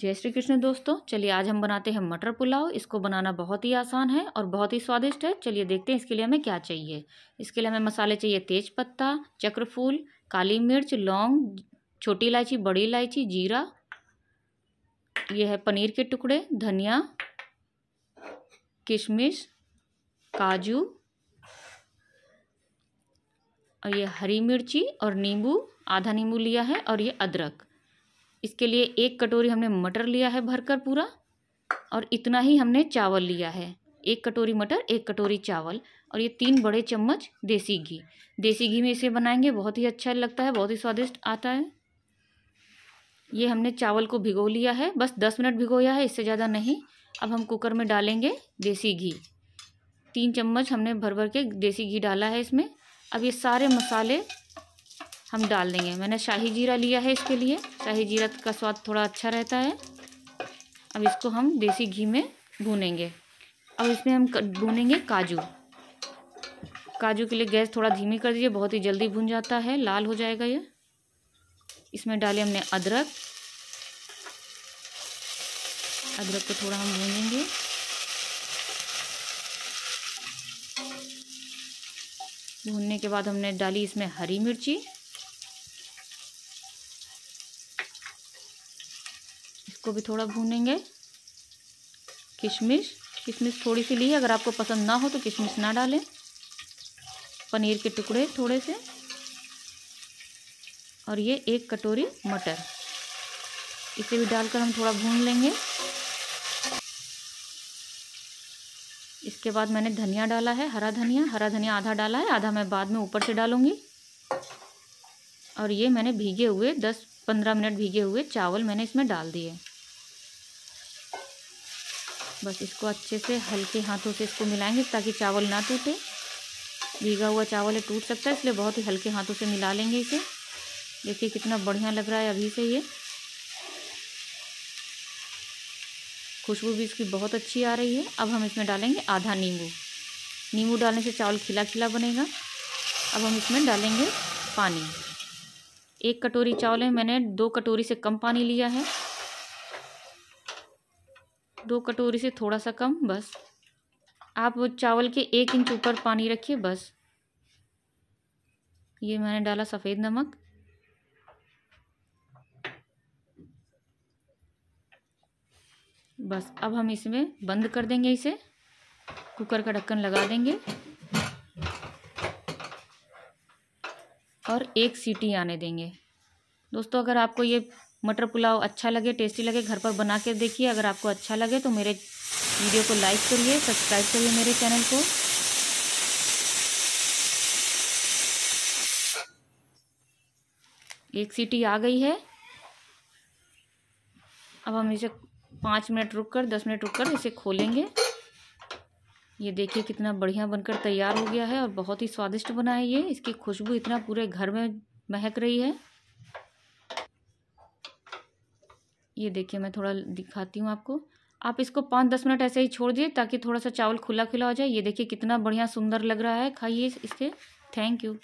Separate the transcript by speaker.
Speaker 1: जय श्री कृष्ण दोस्तों चलिए आज हम बनाते हैं मटर पुलाव इसको बनाना बहुत ही आसान है और बहुत ही स्वादिष्ट है चलिए देखते हैं इसके लिए हमें क्या चाहिए इसके लिए हमें मसाले चाहिए तेज पत्ता चक्रफूल काली मिर्च लौंग छोटी इलायची बड़ी इलायची जीरा यह है पनीर के टुकड़े धनिया किशमिश काजू और ये हरी मिर्ची और नींबू आधा नींबू लिया है और ये अदरक इसके लिए एक कटोरी हमने मटर लिया है भरकर पूरा और इतना ही हमने चावल लिया है एक कटोरी मटर एक कटोरी चावल और ये तीन बड़े चम्मच देसी घी देसी घी में इसे बनाएंगे बहुत ही अच्छा लगता है बहुत ही स्वादिष्ट आता है ये हमने चावल को भिगो लिया है बस दस मिनट भिगोया है इससे ज़्यादा नहीं अब हम कुकर में डालेंगे देसी घी तीन चम्मच हमने भर भर के देसी घी डाला है इसमें अब ये सारे मसाले हम डाल देंगे मैंने शाही जीरा लिया है इसके लिए शाही जीरा का स्वाद थोड़ा अच्छा रहता है अब इसको हम देसी घी में भूनेंगे अब इसमें हम भूनेंगे काजू काजू के लिए गैस थोड़ा धीमी कर दीजिए बहुत ही जल्दी भून जाता है लाल हो जाएगा ये इसमें डाले हमने अदरक अदरक को थोड़ा हम भूनेंगे भूनने के बाद हमने डाली इसमें हरी मिर्ची इसको भी थोड़ा भूनेंगे किशमिश किशमिश थोड़ी सी ली है अगर आपको पसंद ना हो तो किशमिश ना डालें पनीर के टुकड़े थोड़े से और ये एक कटोरी मटर इसे भी डालकर हम थोड़ा भून लेंगे इसके बाद मैंने धनिया डाला है हरा धनिया हरा धनिया आधा डाला है आधा मैं बाद में ऊपर से डालूंगी और ये मैंने भीगे हुए 10-15 मिनट भीगे हुए चावल मैंने इसमें डाल दिए बस इसको अच्छे से हल्के हाथों से इसको मिलाएंगे ताकि चावल ना टूटे भीगा हुआ चावल है टूट सकता है इसलिए बहुत ही हल्के हाथों से मिला लेंगे इसे देखिए कितना बढ़िया लग रहा है अभी से ये खुशबू भी इसकी बहुत अच्छी आ रही है अब हम इसमें डालेंगे आधा नींबू नींबू डालने से चावल खिला खिला बनेगा अब हम इसमें डालेंगे पानी एक कटोरी चावल है मैंने दो कटोरी से कम पानी लिया है दो कटोरी से थोड़ा सा कम बस आप चावल के एक इंच ऊपर पानी रखिए बस ये मैंने डाला सफ़ेद नमक बस अब हम इसमें बंद कर देंगे इसे कुकर का ढक्कन लगा देंगे और एक सीटी आने देंगे दोस्तों अगर आपको ये मटर पुलाव अच्छा लगे टेस्टी लगे घर पर बना के देखिए अगर आपको अच्छा लगे तो मेरे वीडियो को लाइक करिए सब्सक्राइब करिए मेरे चैनल को एक सीटी आ गई है अब हम इसे पाँच मिनट रुक कर दस मिनट रुक कर इसे खोलेंगे ये देखिए कितना बढ़िया बनकर तैयार हो गया है और बहुत ही स्वादिष्ट बना है ये इसकी खुशबू इतना पूरे घर में महक रही है ये देखिए मैं थोड़ा दिखाती हूँ आपको आप इसको पाँच दस मिनट ऐसे ही छोड़ दिए ताकि थोड़ा सा चावल खुला खुला हो जाए ये देखिए कितना बढ़िया सुंदर लग रहा है खाइए इसके थैंक यू